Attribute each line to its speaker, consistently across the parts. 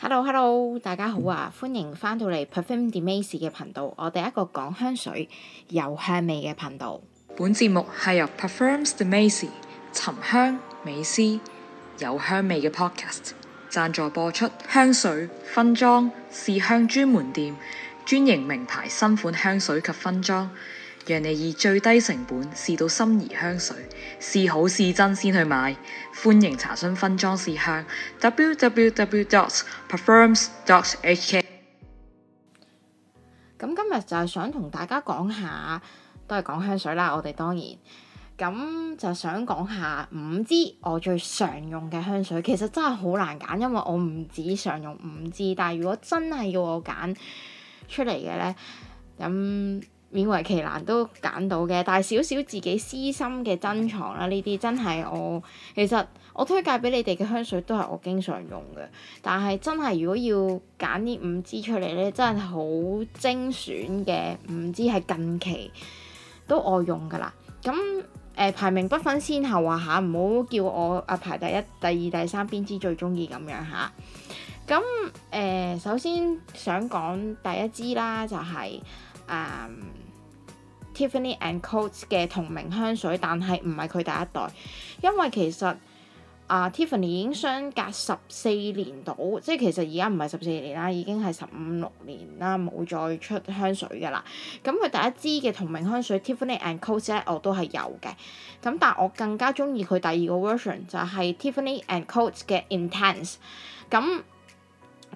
Speaker 1: Hello Hello，大家好啊！歡迎翻到嚟 Perfume Demise 嘅頻道，我第一個講香水有香味嘅頻道。本節目係由 Perfume Demise 沉香美思、有香味嘅 Podcast 贊助播出，香水、分裝試香專門店、專營名牌新款香水及分裝。讓你以最低成本試到心儀香水，試好試真先去買。歡迎查詢分裝試香，www.perfumes.hk。咁今日就係想同大家講下，都係講香水啦。我哋當然咁就想講下五支我最常用嘅香水，其實真係好難揀，因為我唔止常用五支，G, 但係如果真係要我揀出嚟嘅呢。咁。勉為其難都揀到嘅，但係少少自己私心嘅珍藏啦，呢啲真係我其實我推介俾你哋嘅香水都係我經常用嘅，但係真係如果要揀呢五支出嚟呢，真係好精選嘅五支係近期都愛用噶啦。咁誒、呃、排名不分先後啊嚇，唔好叫我啊排第一、第二、第三邊支最中意咁樣嚇。咁、啊、誒、呃、首先想講第一支啦，就係、是、啊～、嗯 Tiffany and Coats 嘅同名香水，但係唔係佢第一代，因為其實啊、呃、Tiffany 已經相隔十四年度，即係其實而家唔係十四年啦，已經係十五六年啦，冇再出香水噶啦。咁佢第一支嘅同名香水 Tiffany and Coats 咧，我都係有嘅。咁，但我更加鍾意佢第二個 version 就係 Tiffany and Coats 嘅 Intense 咁。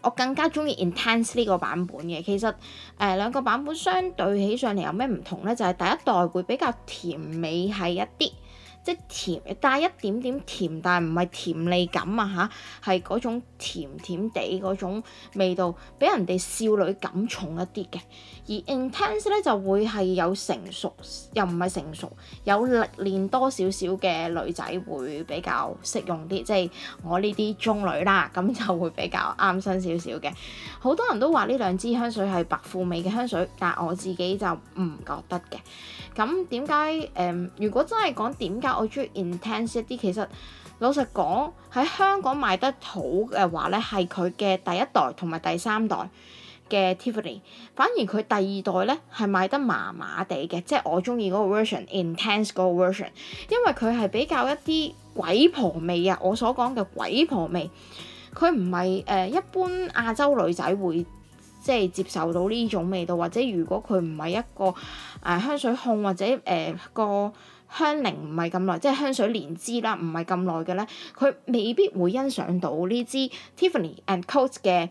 Speaker 1: 我更加中意 intense 呢個版本嘅，其實誒、呃、兩個版本相對起上嚟有咩唔同咧？就係、是、第一代會比較甜美，係一啲，即甜，帶一點點甜，但係唔係甜膩感啊吓，係嗰種甜甜地嗰種味道，俾人哋少女感重一啲嘅。而 intense 咧就會係有成熟，又唔係成熟，有歷練多少少嘅女仔會比較適用啲。即係我呢啲中女啦，咁就會比較啱身少少嘅。好多人都話呢兩支香水係白富美嘅香水，但係我自己就唔覺得嘅。咁點解？誒、呃、如果真係講點解？我中意 intense 一啲，其實老實講喺香港賣得好嘅話咧，係佢嘅第一代同埋第三代嘅 Tiffany，反而佢第二代咧係賣得麻麻地嘅，即係我中意嗰個 version，intense 嗰個 version，因為佢係比較一啲鬼婆味啊！我所講嘅鬼婆味，佢唔係誒一般亞洲女仔會即係接受到呢種味道，或者如果佢唔係一個誒、呃、香水控或者誒、呃、個。香檸唔係咁耐，即係香水蓮芝啦，唔係咁耐嘅咧，佢未必會欣賞到呢支 Tiffany and Coats 嘅誒、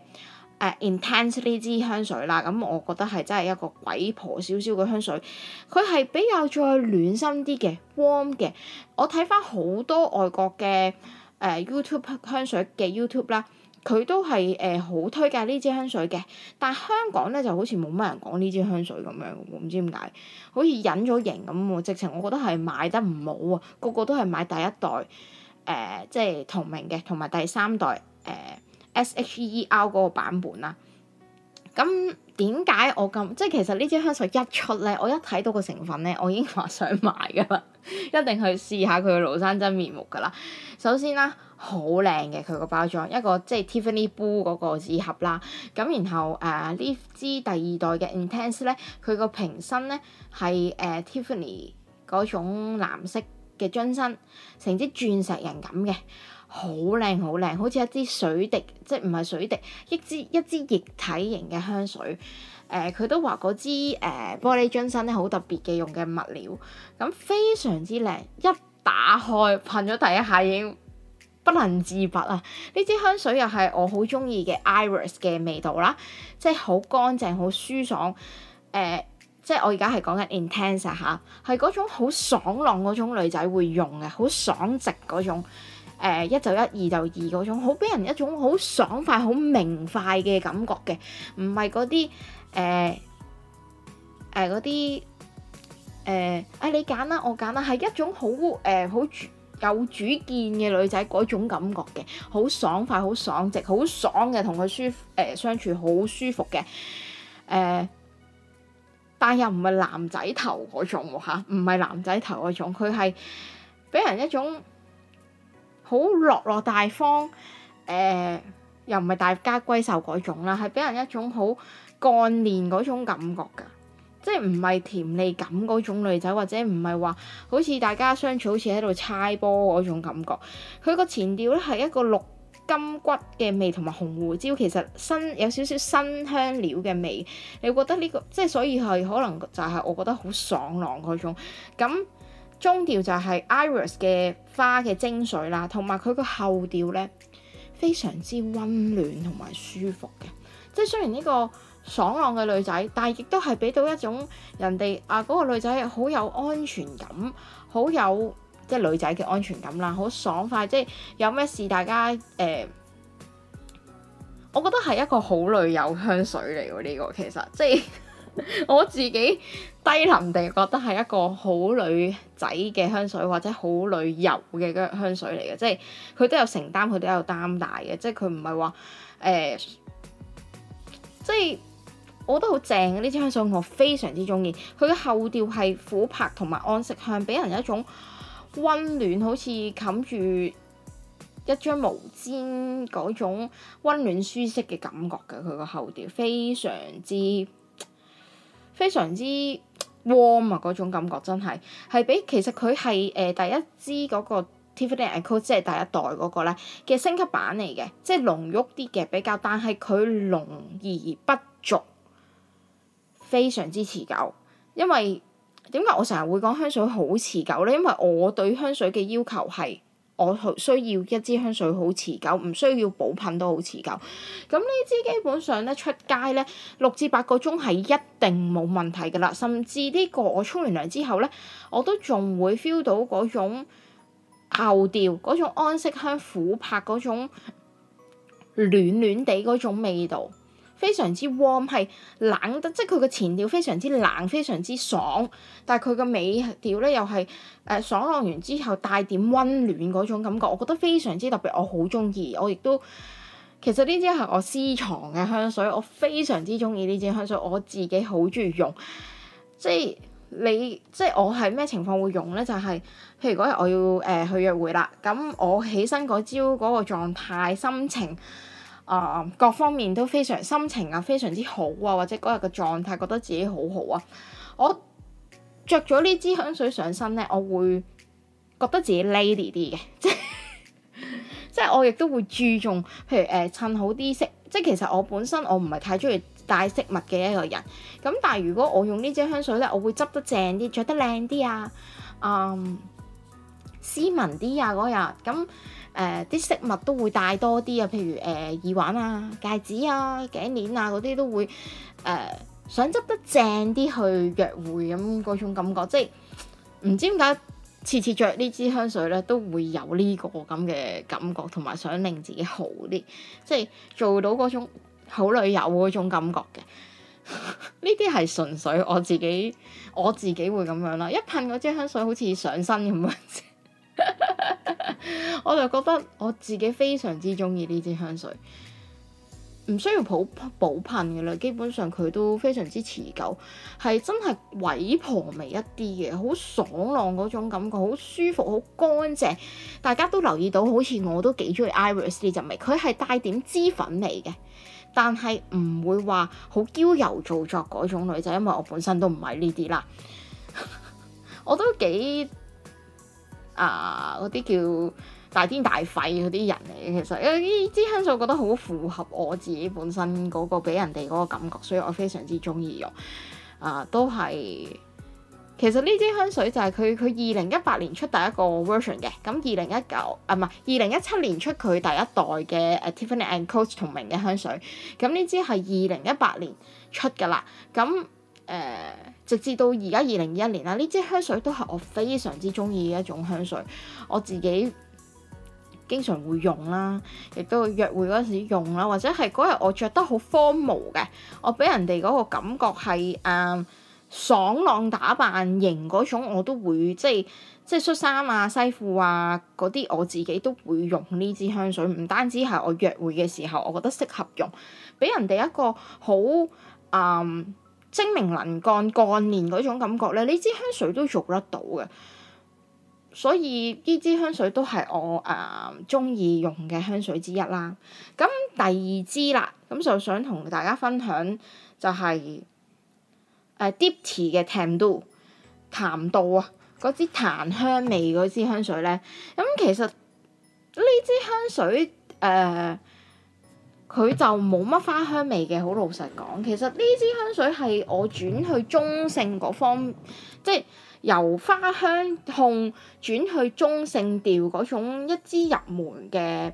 Speaker 1: uh, Intense 呢支香水啦。咁我覺得係真係一個鬼婆少少嘅香水，佢係比較再暖心啲嘅 warm 嘅。我睇翻好多外國嘅誒、uh, YouTube 香水嘅 YouTube 啦。佢都係誒好推介呢支香水嘅，但香港咧就好似冇乜人講呢支香水咁樣喎，唔知點解，好似隱咗形咁喎。直情我覺得係買得唔好喎，個個都係買第一代誒、呃，即係同名嘅，同埋第三代誒、呃、SHEAR 嗰個版本啦。咁點解我咁？即係其實呢支香水一出咧，我一睇到個成分咧，我已經話想買㗎啦，一定去試下佢嘅廬山真面目㗎啦。首先啦。好靚嘅佢個包裝，一個即係 Tiffany Blue 嗰個紙盒啦。咁然後誒呢支第二代嘅 Intense 咧，佢個瓶身咧係誒 Tiffany 嗰種藍色嘅樽身，成支鑽石型咁嘅，好靚好靚，好似一支水滴，即唔係水滴，一支一支液體型嘅香水。誒、呃、佢都話嗰支誒玻璃樽身咧好特別嘅用嘅物料，咁非常之靚。一打開，噴咗第一下已經～不能自拔啊！呢支香水又係我好中意嘅 Iris 嘅味道啦，即係好乾淨、好舒爽。誒、呃，即係我而家係講緊 intense 吓、啊，係嗰種好爽朗嗰種女仔會用嘅，好爽直嗰種、呃。一就一，二就二嗰種，好俾人一種好爽快、好明快嘅感覺嘅，唔係嗰啲誒誒嗰啲誒，哎你揀啦，我揀啦，係一種好誒好。呃有主見嘅女仔嗰種感覺嘅，好爽快、好爽直、好爽嘅，同佢舒誒、呃、相處好舒服嘅。誒、呃，但又唔係男仔頭嗰種喎，嚇，唔係男仔頭嗰種，佢係俾人一種好落落大方，誒、呃，又唔係大家閨秀嗰種啦，係俾人一種好幹練嗰種感覺嘅。即係唔係甜膩感嗰種女仔，或者唔係話好似大家相處好似喺度猜波嗰種感覺。佢個前調咧係一個綠金骨嘅味同埋紅胡椒，其實新有少少新香料嘅味。你會覺得呢個即係所以係可能就係我覺得好爽朗嗰種。咁中調就係 Iris 嘅花嘅精髓啦，同埋佢個後調呢，非常之溫暖同埋舒服嘅。即係雖然呢個。爽朗嘅女仔，但係亦都係俾到一種人哋啊嗰、那個女仔好有安全感，好有即係女仔嘅安全感啦，好爽快，即係有咩事大家誒、欸，我覺得係一個好女友香水嚟喎。呢個其實即係我自己低能地覺得係一個好女仔嘅香水，或者好女友嘅香水嚟嘅，即係佢都有承擔，佢都有擔戴嘅，即係佢唔係話誒，即係。我覺得好正嘅呢支香水，我非常之中意。佢嘅後調係琥珀同埋安息香，俾人一種溫暖，好似冚住一張毛氈嗰種溫暖舒適嘅感覺嘅。佢個後調非常之非常之 warm 啊！嗰種感覺真係係比其實佢係誒第一支嗰個 Tiffany Echo 即係第一代嗰個咧嘅升級版嚟嘅，即係濃郁啲嘅比較，但係佢濃而不俗。非常之持久，因為點解我成日會講香水好持久咧？因為我對香水嘅要求係我需要一支香水好持久，唔需要補噴都好持久。咁呢支基本上咧出街咧六至八個鐘係一定冇問題噶啦，甚至呢個我沖完涼之後咧，我都仲會 feel 到嗰種後調嗰種安息香琥珀嗰種暖暖地嗰種味道。非常之 warm，係冷得即係佢嘅前調非常之冷，非常之爽，但係佢嘅尾調咧又係誒、呃、爽朗完之後帶點溫暖嗰種感覺，我覺得非常之特別，我好中意，我亦都其實呢支係我私藏嘅香水，我非常之中意呢支香水，我自己好中意用，即係你即係我係咩情況會用咧？就係、是、譬如嗰日我要誒、呃、去約會啦，咁我起身嗰朝嗰個狀態、心情。啊，uh, 各方面都非常心情啊，非常之好啊，或者嗰日嘅狀態覺得自己好好啊，我着咗呢支香水上身呢，我會覺得自己 lady 啲嘅，即係 即係我亦都會注重，譬如誒襯、呃、好啲色。即係其實我本身我唔係太中意戴飾物嘅一個人，咁但係如果我用呢支香水呢，我會執得正啲，着得靚啲啊、嗯，斯文啲啊嗰日咁。誒啲、呃、飾物都會帶多啲啊，譬如誒、呃、耳環啊、戒指啊、頸鏈啊嗰啲都會誒、呃、想執得正啲去約會咁嗰種感覺，即係唔知點解次次着呢支香水咧都會有呢個咁嘅感覺，同埋想令自己好啲，即係做到嗰種好女友嗰種感覺嘅。呢啲係純粹我自己我自己會咁樣啦，一噴嗰支香水好似上身咁樣 我就覺得我自己非常之中意呢支香水，唔需要補補噴嘅啦，基本上佢都非常之持久，係真係偉婆味一啲嘅，好爽朗嗰種感覺，好舒服，好乾淨。大家都留意到，好似我都幾中意 Iris 呢隻味，佢係帶點脂粉味嘅，但係唔會話好嬌柔造作嗰種女仔，因為我本身都唔係呢啲啦， 我都幾。啊！嗰啲、uh, 叫大癲大肺嗰啲人嚟，嘅，其實呢支香水我覺得好符合我自己本身嗰個俾人哋嗰個感覺，所以我非常之中意用。啊、uh,，都係其實呢支香水就係佢佢二零一八年出第一個 version 嘅，咁二零一九啊，唔係二零一七年出佢第一代嘅誒 Tiffany and Co. 同名嘅香水，咁呢支係二零一八年出㗎啦，咁。誒、呃，直至到而家二零二一年啦，呢支香水都係我非常之中意嘅一種香水，我自己經常會用啦，亦都約會嗰陣時用啦，或者係嗰日我着得好 formal 嘅，我俾人哋嗰個感覺係誒、嗯、爽朗打扮型嗰種，我都會即係即係恤衫啊西褲啊嗰啲，我自己都會用呢支香水，唔單止係我約會嘅時候，我覺得適合用，俾人哋一個好誒、嗯精明能幹幹練嗰種感覺咧，呢支香水都用得到嘅，所以呢支香水都係我誒中意用嘅香水之一啦。咁第二支啦，咁就想同大家分享就係誒 Diptyque 嘅 Tam Dao，檀道啊，嗰支檀香味嗰支香水咧，咁、嗯、其實呢支香水誒。呃佢就冇乜花香味嘅，好老實講。其實呢支香水係我轉去中性嗰方，即係由花香控轉去中性調嗰種一支入門嘅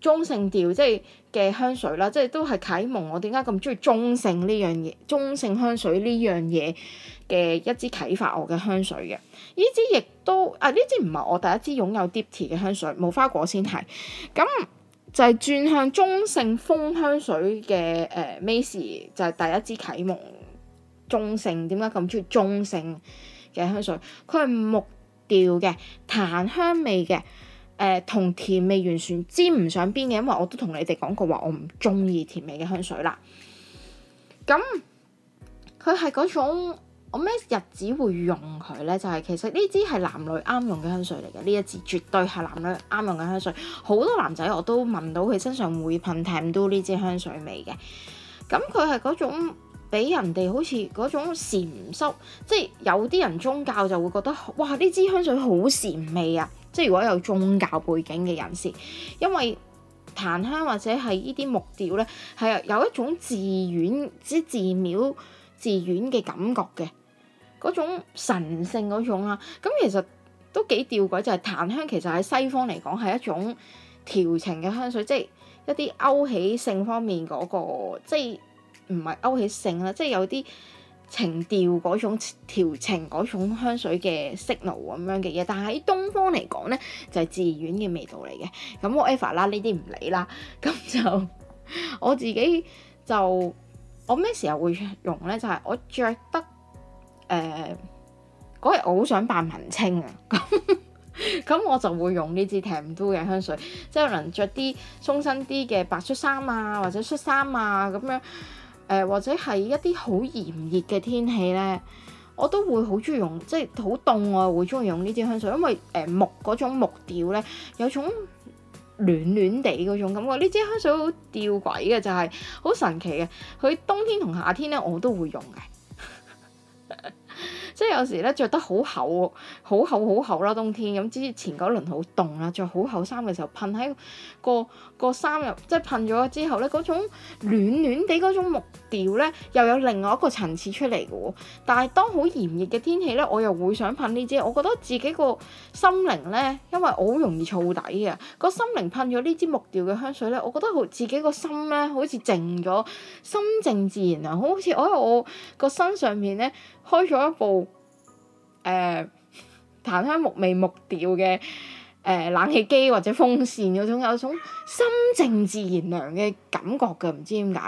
Speaker 1: 中性調，即係嘅香水啦。即係都係啟蒙我點解咁中意中性呢樣嘢，中性香水呢樣嘢嘅一支啟發我嘅香水嘅。呢支亦都啊，呢支唔係我第一支擁有 Diptyque 嘅香水，無花果先係咁。就係轉向中性風香水嘅誒、呃、Macy 就係第一支啟蒙中性。點解咁中意中性嘅香水？佢係木調嘅檀香味嘅，誒、呃、同甜味完全沾唔上邊嘅。因為我都同你哋講過話，我唔中意甜味嘅香水啦。咁佢係嗰種。我咩日子會用佢呢？就係、是、其實呢支係男女啱用嘅香水嚟嘅，呢一支絕對係男女啱用嘅香水。好多男仔我都聞到佢身上會噴 Tam Dao 呢支香水味嘅。咁佢係嗰種俾人哋好似嗰種禪濕，即係有啲人宗教就會覺得哇！呢支香水好禪味啊！即係如果有宗教背景嘅人士，因為檀香或者係呢啲木調呢，係啊有一種寺院之寺廟。寺院嘅感覺嘅嗰種神聖嗰種啦，咁其實都幾吊詭，就係、是、檀香其實喺西方嚟講係一種調情嘅香水，即、就、係、是、一啲勾起性方面嗰、那個，即係唔係勾起性啦，即、就、係、是、有啲情調嗰種調情嗰種香水嘅 signal 咁樣嘅嘢，但喺東方嚟講咧就係、是、寺院嘅味道嚟嘅，咁 whatever 啦，呢啲唔理啦，咁就我自己就。我咩時候會用呢？就係、是、我着得誒嗰日，呃、我好想扮文青啊！咁咁我就會用呢支 Tam Dao 嘅香水，即係可能着啲鬆身啲嘅白恤衫啊，或者恤衫啊咁樣誒、呃，或者係一啲好炎熱嘅天氣呢，我都會好中意用，即係好凍我會中意用呢支香水，因為誒、呃、木嗰種木調呢，有種。暖暖地嗰種感覺，呢支香水好吊詭嘅，就係、是、好神奇嘅。佢冬天同夏天咧我都會用嘅， 即係有時咧著得好厚，好厚好厚啦冬天。咁之前嗰輪好凍啦，著好厚衫嘅時候噴喺個。個三入即係噴咗之後咧，嗰種暖暖哋嗰種木調咧，又有另外一個層次出嚟嘅喎。但係當好炎熱嘅天氣咧，我又會想噴呢支。我覺得自己個心靈咧，因為我好容易燥底嘅，個心靈噴咗呢支木調嘅香水咧，我覺得好自己個心咧，好似靜咗，心靜自然涼，好似我喺我個身上面咧開咗一部誒、呃、檀香木味木調嘅。誒、呃、冷氣機或者風扇嗰種有種心靜自然涼嘅感覺㗎，唔知點解，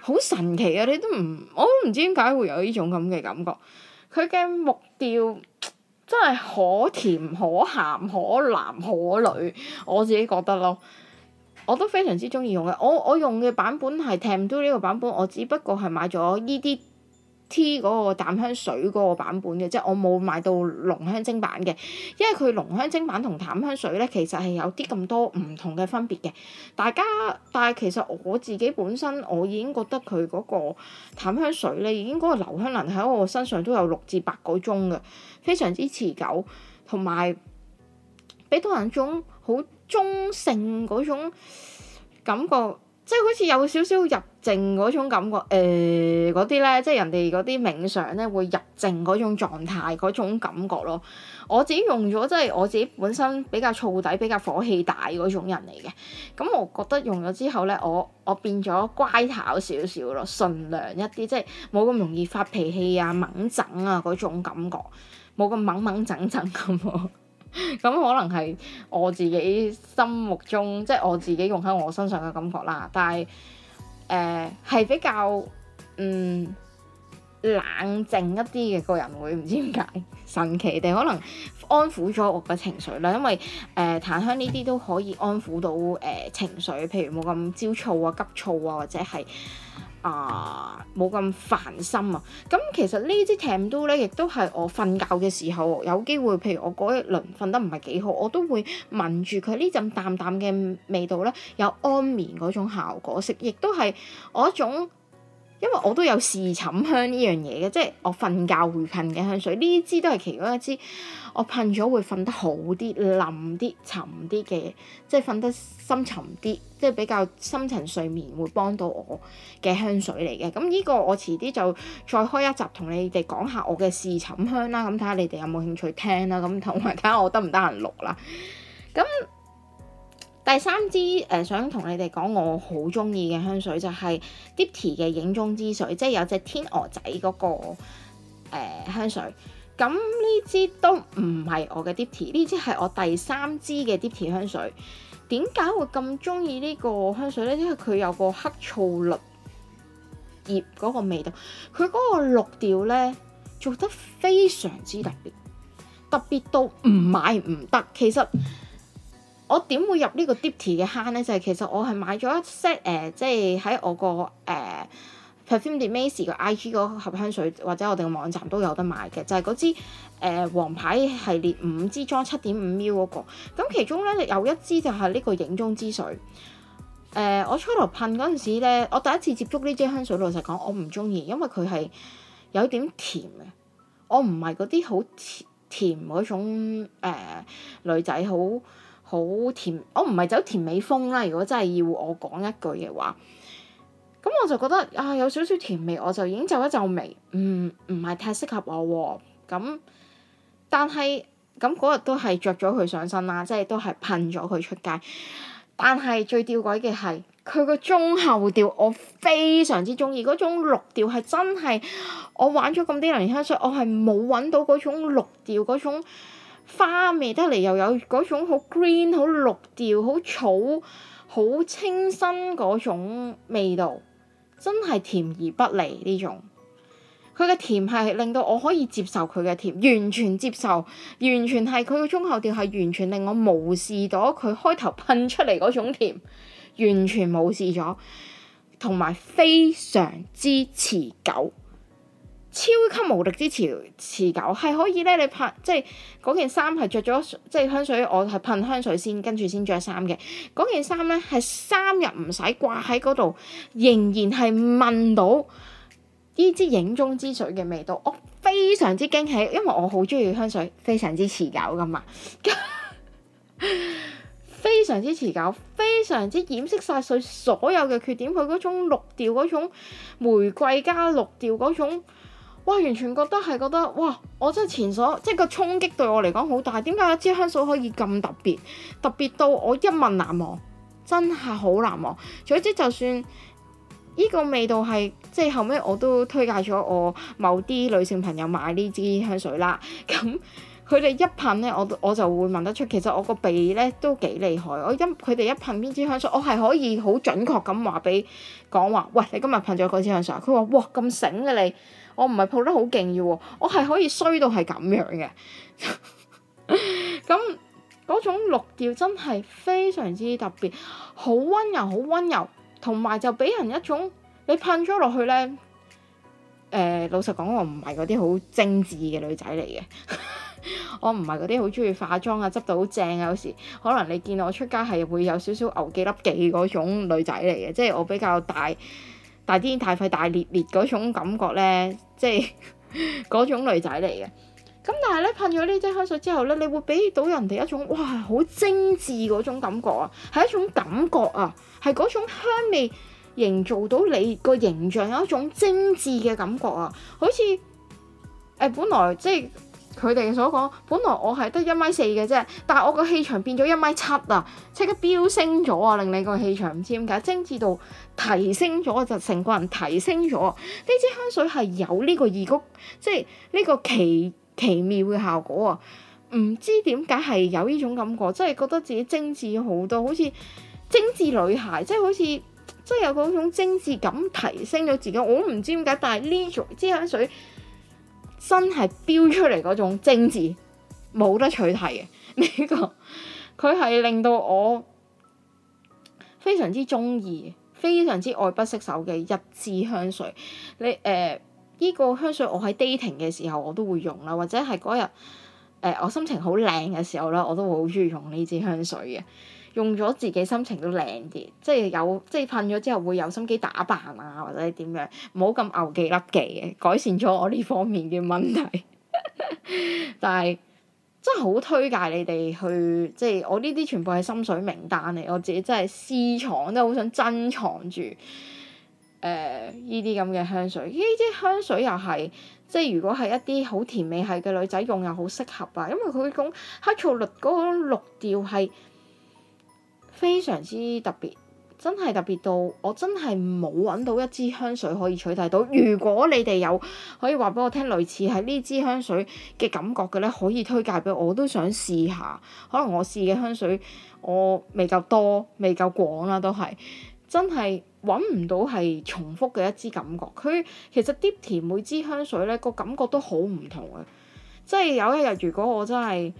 Speaker 1: 好神奇啊！你都唔，我都唔知點解會有呢種咁嘅感覺。佢嘅木調真係可甜可鹹可男可女，我自己覺得咯。我都非常之中意用嘅，我我用嘅版本係 Temu 呢個版本，我只不過係買咗呢啲。T 嗰個淡香水嗰個版本嘅，即係我冇買到濃香精版嘅，因為佢濃香精版同淡香水咧，其實係有啲咁多唔同嘅分別嘅。大家，但係其實我自己本身，我已經覺得佢嗰個淡香水咧，已經嗰個留香能力喺我身上都有六至八個鐘嘅，非常之持久，同埋俾到人一種好中性嗰種感覺。即係好似有少少入靜嗰種感覺，誒，嗰啲咧，即係人哋嗰啲冥想咧會入靜嗰種狀態嗰種感覺咯。我自己用咗，即係我自己本身比較燥底、比較火氣大嗰種人嚟嘅，咁我覺得用咗之後咧，我我變咗乖巧少少咯，順良一啲，即係冇咁容易發脾氣啊、掹整啊嗰種感覺，冇咁掹掹整整咁咯。 咁可能係我自己心目中，即係我自己用喺我身上嘅感覺啦。但係，誒、呃、係比較嗯冷靜一啲嘅個人會唔知點解神奇地可能安撫咗我嘅情緒啦。因為誒檀、呃、香呢啲都可以安撫到誒、呃、情緒，譬如冇咁焦躁啊、急躁啊，或者係。啊，冇咁煩心啊！咁其實呢支 t e m p t o 咧，亦都係我瞓覺嘅時候有機會，譬如我嗰一輪瞓得唔係幾好，我都會聞住佢呢陣淡淡嘅味道咧，有安眠嗰種效果食，亦都係我一種。因為我都有試沉香呢樣嘢嘅，即係我瞓覺會噴嘅香水，呢支都係其中一支我噴咗會瞓得好啲、冧啲、沉啲嘅，即係瞓得深沉啲，即係比較深層睡眠會幫到我嘅香水嚟嘅。咁呢個我遲啲就再開一集同你哋講下我嘅試沉香啦，咁睇下你哋有冇興趣聽啦，咁同埋睇下我得唔得閒錄啦。咁。第三支誒、呃、想同你哋講，我好中意嘅香水就係 Dipti 嘅影中之水，即係有隻天鵝仔嗰、嗰個、呃、香水。咁呢支都唔係我嘅 Dipti，呢支係我第三支嘅 Dipti 香水。點解會咁中意呢個香水呢？因為佢有個黑醋栗葉嗰個味道，佢嗰個綠調呢做得非常之特別，特別到唔買唔得。其實。我點會入呢個 Diptyque 嘅坑咧？就係、是、其實我係買咗一 set 誒，即係喺我個誒、呃、Perfume de Macy 個 I.G 嗰盒香水，或者我哋個網站都有得買嘅，就係、是、嗰支誒黃、呃、牌系列五支裝七點五 ml 嗰、那個。咁其中咧有一支就係呢個影中之水。誒、呃，我初頭噴嗰陣時咧，我第一次接觸呢支香水，老實講我唔中意，因為佢係有點甜嘅。我唔係嗰啲好甜甜嗰種、呃、女仔好。好甜，我唔係走甜美風啦。如果真係要我講一句嘅話，咁我就覺得啊，有少少甜味，我就已經皺一皺眉，唔唔係太適合我喎。咁、嗯、但係咁嗰日都係著咗佢上身啦，即係都係噴咗佢出街。但係最吊詭嘅係，佢個中後調我非常之中意，嗰種綠調係真係我玩咗咁多年香水，我係冇揾到嗰種綠調嗰種。花味得嚟又有嗰種好 green 好綠調好草好清新嗰種味道，真係甜而不膩呢種。佢嘅甜係令到我可以接受佢嘅甜，完全接受，完全係佢嘅中後調係完全令我無視咗佢開頭噴出嚟嗰種甜，完全無視咗，同埋非常之持久。超級無敵之持久，係可以咧！你拍，即係嗰件衫係著咗，即係香水，我係噴香水先，跟住先著衫嘅。嗰件衫咧係三日唔使掛喺嗰度，仍然係聞到呢支影中之水嘅味道。我非常之驚喜，因為我好中意香水，非常之持久噶嘛， 非常之持久，非常之掩飾晒佢所有嘅缺點。佢嗰種綠調嗰種玫瑰加綠調嗰種。哇！完全覺得係覺得哇！我真係前所即係個衝擊對我嚟講好大。點解一支香水可以咁特別？特別到我一聞難忘，真係好難忘。總之就算呢個味道係即係後尾我都推介咗我某啲女性朋友買呢支香水啦。咁佢哋一噴咧，我我就會聞得出。其實我個鼻咧都幾厲害。我一佢哋一噴邊支香水，我係可以好準確咁話俾講話。喂，你今日噴咗嗰支香水啊？佢話哇咁醒嘅你。我唔係抱得好勁嘅我係可以衰到係咁樣嘅。咁 嗰種綠調真係非常之特別，好溫柔，好溫柔，同埋就俾人一種你噴咗落去咧。誒、呃，老實講，我唔係嗰啲好精緻嘅女仔嚟嘅。 我唔係嗰啲好中意化妝啊，執到好正啊。有時可能你見我出街係會有少少牛記粒記嗰種女仔嚟嘅，即係我比較大。大癲大肺大裂裂嗰種感覺咧，即係嗰 種女仔嚟嘅。咁但係咧，噴咗呢支香水之後咧，你會俾到人哋一種哇，好精緻嗰種感覺啊，係一種感覺啊，係嗰種香味營造到你個形象有一種精緻嘅感覺啊，好似誒、欸，本來即係。佢哋所講，本來我係得一米四嘅啫，但係我個氣場變咗一米七啊，即刻飆升咗啊！令你個氣場唔知點解，精緻度提升咗，就成個人提升咗。呢支香水係有呢個異曲，即係呢個奇奇妙嘅效果啊！唔知點解係有呢種感覺，即係覺得自己精緻好多，好似精緻女孩，即係好似即係有嗰種精緻感提升咗自己。我都唔知點解，但係呢支香水。真係飚出嚟嗰種精緻，冇得取替嘅。呢個佢係令到我非常之中意，非常之愛不釋手嘅一支香水。你誒呢個香水我喺 dating 嘅時候我都會用啦，或者係嗰日誒我心情好靚嘅時候咧，我都會好中意用呢支香水嘅。用咗自己心情都靚啲，即係有即係噴咗之後會有心機打扮啊，或者點樣，唔好咁牛記笠記嘅，改善咗我呢方面嘅問題。 但係真係好推介你哋去，即係我呢啲全部係心水名單嚟，我自己真係私藏真係好想珍藏住。誒、呃，依啲咁嘅香水，呢啲香水又係即係如果係一啲好甜美係嘅女仔用又好適合啊，因為佢嗰種黑醋栗嗰種綠調係。非常之特別，真係特別到我真係冇揾到一支香水可以取代到。如果你哋有可以話俾我聽，類似係呢支香水嘅感覺嘅咧，可以推介俾我，我都想試下。可能我試嘅香水我未夠多，未夠廣啦、啊，都係真係揾唔到係重複嘅一支感覺。佢其實 Deep Tea，每支香水咧個感覺都好唔同嘅，即係有一日如果我真係。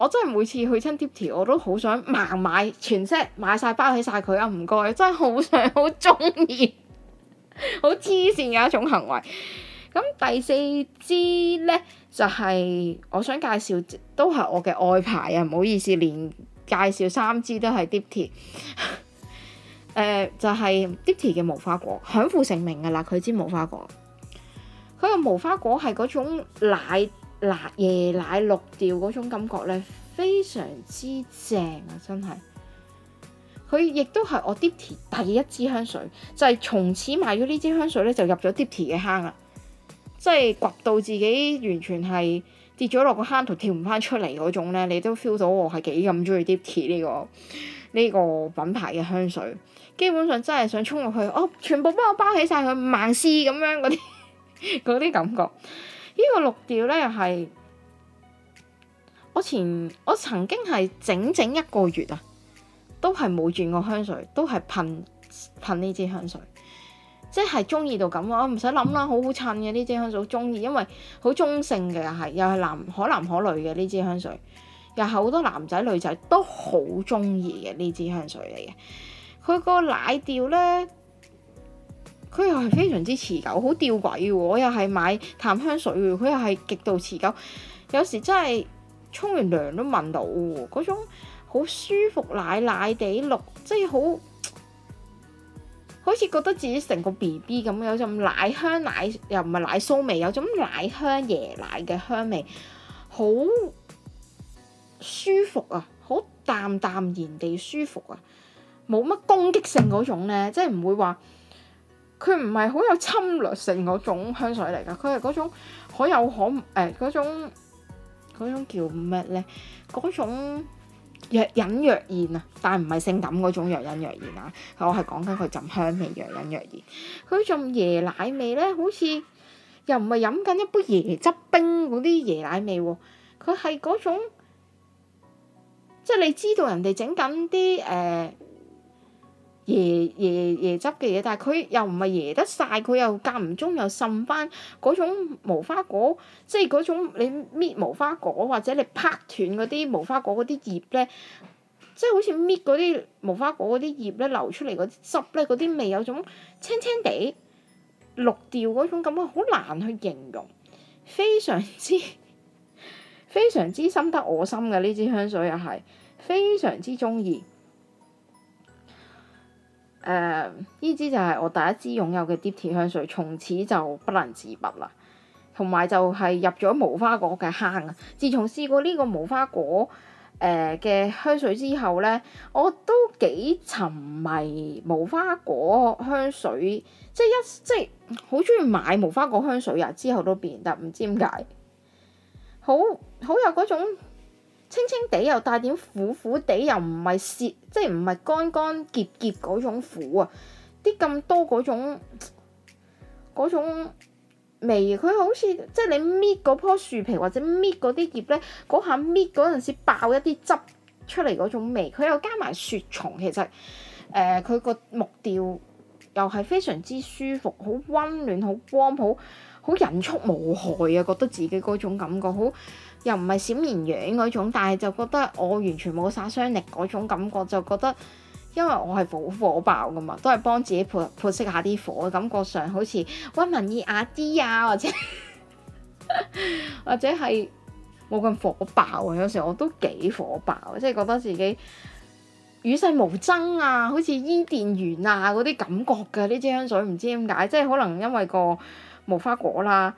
Speaker 1: 我真係每次去親 Dipti，我都好想盲買全 set 買晒包起晒佢啊！唔該，真係好想好鍾意，好痴線嘅一種行為。咁第四支呢，就係、是、我想介紹，都係我嘅愛牌啊！唔好意思，連介紹三支都係 Dipti。誒、 呃，就係、是、Dipti 嘅無花果，享負盛名㗎喇。佢支無花果，佢個無花果係嗰種奶。辣椰奶綠調嗰種感覺咧，非常之正啊！真係，佢亦都係我 Dipti 第一支香水，就係從此買咗呢支香水咧，就入咗 Dipti 嘅坑啦。即係掘到自己完全係跌咗落個坑度，跳唔翻出嚟嗰種咧，你都 feel 到我係幾咁中意 Dipti 呢個呢個品牌嘅香水。基本上真係想衝落去，哦，全部幫我包起晒佢，萬斯咁樣嗰啲嗰啲感覺。個呢個綠調咧，又係我前我曾經係整整一個月啊，都係冇轉過香水，都係噴噴呢支香水，即係中意到咁啊！我唔使諗啦，好好襯嘅呢支香水，好中意，因為好中性嘅，係又係男可男可女嘅呢支香水，又係好多男仔女仔都好中意嘅呢支香水嚟嘅。佢個奶調咧。佢又係非常之持久，好吊詭喎。我又係買淡香水，佢又係極度持久。有時真係沖完涼都聞到喎，嗰種好舒服的奶奶地綠，即係好好似覺得自己成個 BB 咁，有陣奶香奶又唔係奶酥味，有種奶香椰奶嘅香味，好舒服啊，好淡淡然地舒服啊，冇乜攻擊性嗰種呢，即係唔會話。佢唔係好有侵略性嗰種香水嚟㗎，佢係嗰種可有可誒嗰、欸、種，嗰種叫咩咧？嗰種若隱若現啊！但係唔係性感嗰種若隱若現啊！我係講緊佢陣香味若隱若現。佢仲椰奶味咧，好似又唔係飲緊一杯椰汁冰嗰啲椰奶味喎，佢係嗰種即係、就是、你知道人哋整緊啲誒。呃椰椰椰汁嘅嘢，但係佢又唔係椰得晒，佢又間唔中又滲翻嗰種無花果，即係嗰種你搣無花果或者你劈斷嗰啲無花果嗰啲葉咧，即係好似搣嗰啲無花果嗰啲葉咧流出嚟嗰啲汁咧，嗰啲味有種青青地綠調嗰種感覺，好難去形容，非常之非常之深得我心嘅呢支香水又係非常之中意。誒呢支就係我第一支擁有嘅 Dipti 香水，從此就不能自拔啦。同埋就係入咗無花果嘅坑。自從試過呢個無花果誒嘅、呃、香水之後咧，我都幾沉迷無花果香水，即係一即係好鍾意買無花果香水啊！之後都變得唔知點解，好好有嗰種。清清地又帶點苦苦地，又唔係蝕，即係唔係乾乾澀澀嗰種苦啊！啲咁多嗰種嗰種味，佢好似即係你搣嗰棵樹皮或者搣嗰啲葉咧，嗰下搣嗰陣時爆一啲汁出嚟嗰種味，佢又加埋雪松，其實誒佢個木調又係非常之舒服，好温暖，好 warm，好好人畜無害啊！覺得自己嗰種感覺好。又唔係閃燃樣嗰種，但係就覺得我完全冇殺傷力嗰種感覺，就覺得因為我係好火爆㗎嘛，都係幫自己潑潑熄下啲火，感覺上好似温文爾雅啲啊，或者或者係冇咁火爆啊，有時我都幾火爆，即係覺得自己與世無爭啊，好似伊甸園啊嗰啲感覺㗎，呢支香水唔知點解，即係可能因為個無花果啦。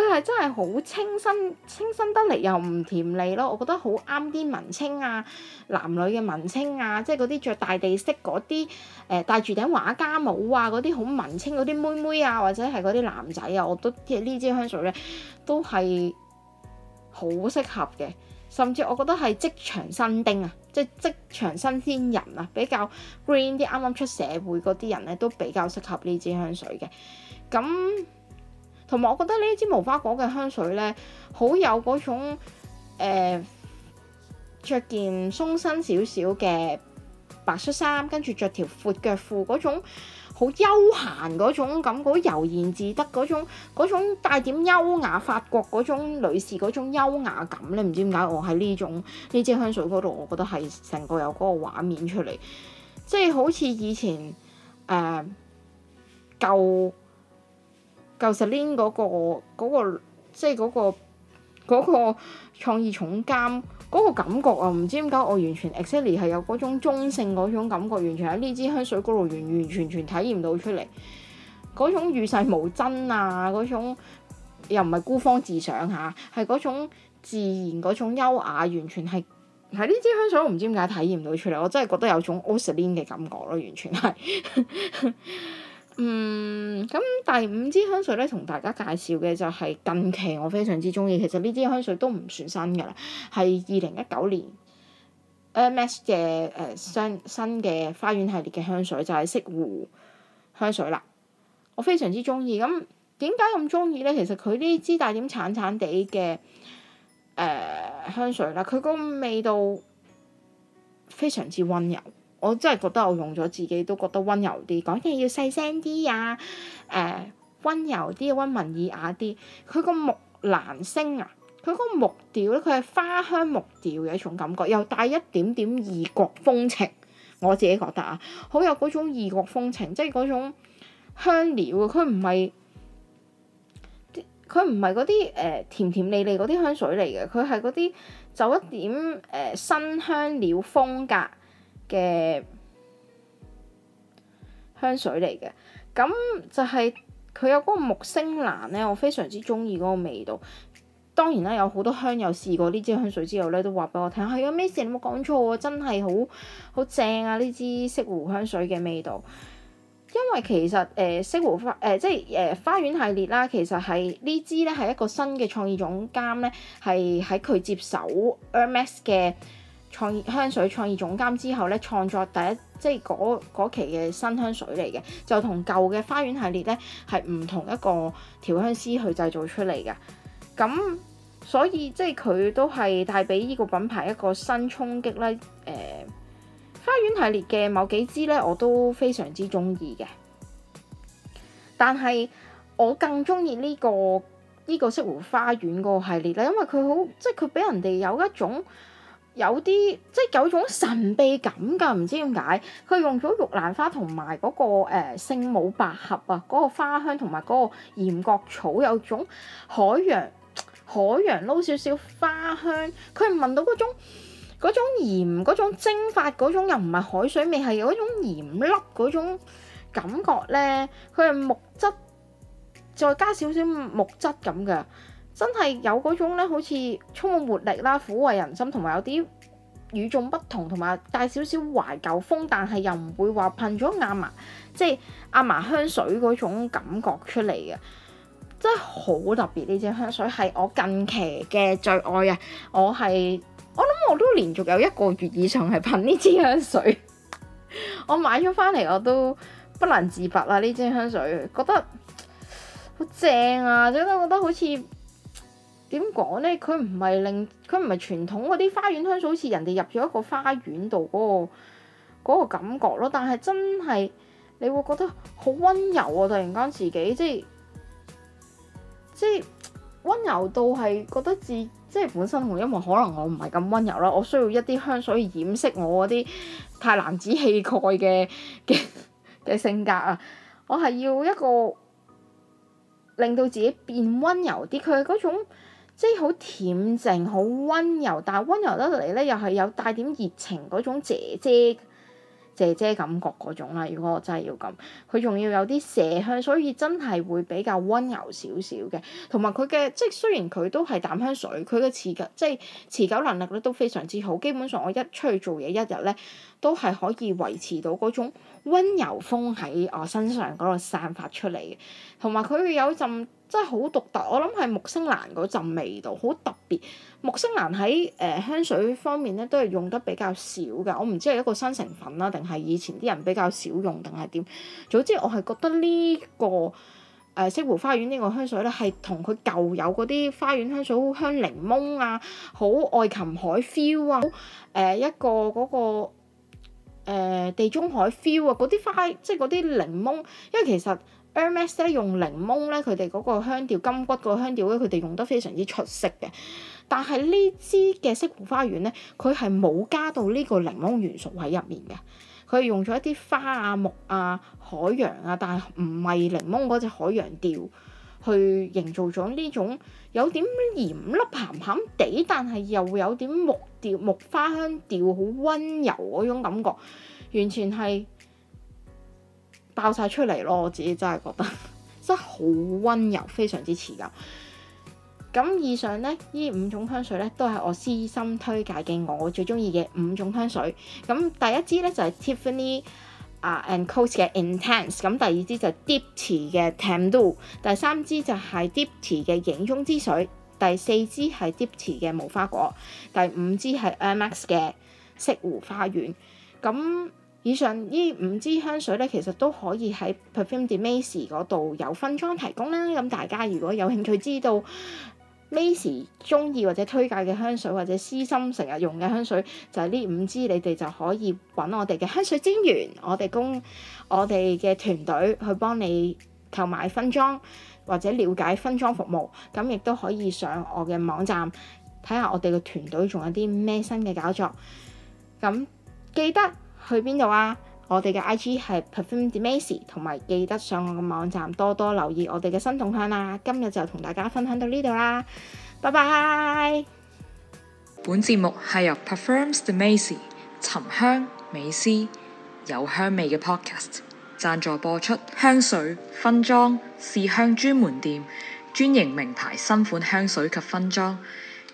Speaker 1: 佢係真係好清新，清新得嚟又唔甜膩咯。我覺得好啱啲文青啊，男女嘅文青啊，即係嗰啲着大地色嗰啲，誒、呃、戴住頂畫家帽啊，嗰啲好文青嗰啲妹妹啊，或者係嗰啲男仔啊，我都呢支香水咧都係好適合嘅。甚至我覺得係職場新丁啊，即係職場新鮮人啊，比較 green 啲，啱啱出社會嗰啲人咧都比較適合呢支香水嘅。咁。同埋，我覺得呢支無花果嘅香水呢，好有嗰種呃、着件鬆身少少嘅白色衫，跟住着條闊腳褲嗰種，好悠閒嗰種感覺，嗰悠然自得嗰種，嗰種帶點優雅法國嗰種女士嗰種優雅感咧，唔知點解我喺呢種呢支香水嗰度，我覺得係成個有嗰個畫面出嚟，即係好似以前誒、呃、舊。舊時 Celine 嗰個、那個、即係、那、嗰個嗰、那個創意總監嗰、那個感覺啊，唔知點解我完全 e x c e l l 係有嗰種中性嗰種感覺，完全喺呢支香水嗰度完完全全體驗到出嚟嗰種與世無爭啊，嗰種又唔係孤芳自賞嚇、啊，係嗰種自然嗰種優雅，完全係喺呢支香水我唔知點解體驗到出嚟，我真係覺得有種 old Celine 嘅感覺咯、啊，完全係。 嗯，咁第五支香水咧，同大家介紹嘅就係近期我非常之中意。其實呢支香水都唔算新噶啦，係二零一九年、Hermès 嘅誒新新嘅花園系列嘅香水就係、是、色湖香水啦。我非常之中意，咁點解咁中意咧？其實佢呢支帶點橙橙地嘅誒香水啦，佢個味道非常之温柔。我真係覺得我用咗自己都覺得温柔啲，講嘢要細聲啲啊，誒、呃，温柔啲，溫文爾雅啲。佢個木蘭香啊，佢個木調咧，佢係花香木調有一種感覺，又帶一點點異國風情。我自己覺得啊，好有嗰種異國風情，即係嗰種香料啊，佢唔係，佢唔係嗰啲誒甜甜膩膩嗰啲香水嚟嘅，佢係嗰啲就一點誒、呃、新香料風格。嘅香水嚟嘅，咁就係佢有嗰個木星蘭咧，我非常之中意嗰個味道。當然啦，有好多香友試過呢支香水之後咧，都話俾我聽：係啊，Miss，你冇講錯啊，真係好好正啊！呢支色湖香水嘅味道。因為其實誒、呃、色湖花誒、呃、即係誒、呃、花園系列啦，其實係呢支咧係一個新嘅創意總監咧，係喺佢接手 Hermès 嘅。創意香水創意總監之後咧，創作第一即係嗰期嘅新香水嚟嘅，就同舊嘅花園系列咧係唔同一個調香師去製造出嚟嘅。咁所以即係佢都係帶俾呢個品牌一個新衝擊啦。誒、呃，花園系列嘅某幾支咧我都非常之中意嘅，但係我更中意呢個呢、呢個色湖花園嗰個系列啦，因為佢好即係佢俾人哋有一種。有啲即係有種神秘感㗎，唔知點解佢用咗玉蘭花同埋嗰個誒、欸、聖母百合啊，嗰、嗰個花香同埋嗰個鹽角草，有種海洋海洋撈少少花香，佢聞到嗰種嗰種鹽嗰種蒸發嗰種又唔係海水味，係有一種鹽粒嗰種感覺咧，佢係木質，再加少少木質咁嘅。真係有嗰種咧，好似充滿活力啦、撫慰人心，同埋有啲與眾不同，同埋帶少少懷舊風，但係又唔會話噴咗阿嫲，即係阿嫲香水嗰種感覺出嚟嘅，真係好特別呢支香水，係我近期嘅最愛啊！我係我諗我都連續有一個月以上係噴呢支香水， 我買咗翻嚟我都不能自拔啦、啊！呢支香水覺得、啊、覺得好正啊，真係覺得好似～點講呢？佢唔係令佢唔係傳統嗰啲花園香水，好似人哋入咗一個花園度嗰個嗰個感覺咯。但係真係你會覺得好温柔啊！突然間自己即係即係温柔到係覺得自己即係本身我，因為可能我唔係咁温柔啦，我需要一啲香水掩飾我嗰啲太男子氣概嘅嘅嘅性格啊！我係要一個令到自己變温柔啲。佢係嗰種。即係好恬靜，好温柔，但係温柔得嚟咧，又係有帶點熱情嗰種姐姐姐姐感覺嗰種啦。如果我真係要咁，佢仲要有啲麝香，所以真係會比較温柔少少嘅。同埋佢嘅即係雖然佢都係淡香水，佢嘅持久即係持久能力都非常之好。基本上我一出去做嘢一日咧。都係可以維持到嗰種温柔風喺我身上嗰度散發出嚟嘅，同埋佢有，有一陣真係好獨特，我諗係木星蘭嗰陣味道，好特別。木星蘭喺誒、呃、香水方面咧，都係用得比較少嘅。我唔知係一個新成分啦，定係以前啲人比較少用，定係點？總之我係覺得呢、呢個誒西湖花園呢個香水咧，係同佢舊有嗰啲花園香水好香檸檬啊，好愛琴海 feel 啊，誒、呃、一個嗰、嗰個。誒地中海 feel 啊，嗰啲花即係嗰啲檸檬，因為其實 Hermes 咧用檸檬咧，佢哋嗰個香調金桔嗰個香調咧，佢哋用得非常之出色嘅。但係呢支嘅色湖花園咧，佢係冇加到呢個檸檬元素喺入面嘅，佢係用咗一啲花啊、木啊、海洋啊，但係唔係檸檬嗰隻海洋調。去營造咗呢種有點鹽粒鹹鹹地，但係又會有點木調木花香調，好溫柔嗰種感覺，完全係爆晒出嚟咯！我自己真係覺得 真係好溫柔，非常之持久。咁以上呢，呢五種香水呢，都係我私心推介嘅我最中意嘅五種香水。咁第一支呢，就係、是、Tiffany。啊，Encos 嘅 Intense，咁第二支就 Diptyque 嘅 Tam Dao，e 第三支就係 Diptyque 嘅影中之水，第四支係 Diptyque 嘅無花果，第五支係 Amex 嘅瀉湖花園。咁以上呢五支香水咧，其實都可以喺 Perfume d e m a s e 嗰度有分裝提供啦。咁大家如果有興趣知道，咩時中意或者推介嘅香水，或者私心成日用嘅香水，就係呢五支，你哋就可以揾我哋嘅香水專員，我哋供我哋嘅團隊去幫你購買分裝或者了解分裝服務，咁亦都可以上我嘅網站睇下我哋嘅團隊仲有啲咩新嘅搞作。咁記得去邊度啊？我哋嘅 IG 係 perfume de Macy，同埋記得上我嘅網站多多留意我哋嘅新動向啦。今日就同大家分享到呢度啦，拜拜。本節目係由 perfume de Macy 沉香美思有香味嘅 podcast 贊助播出，香水分裝試香專門店，專營名牌新款香水及分裝，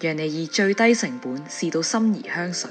Speaker 1: 讓你以最低成本試到心儀香水。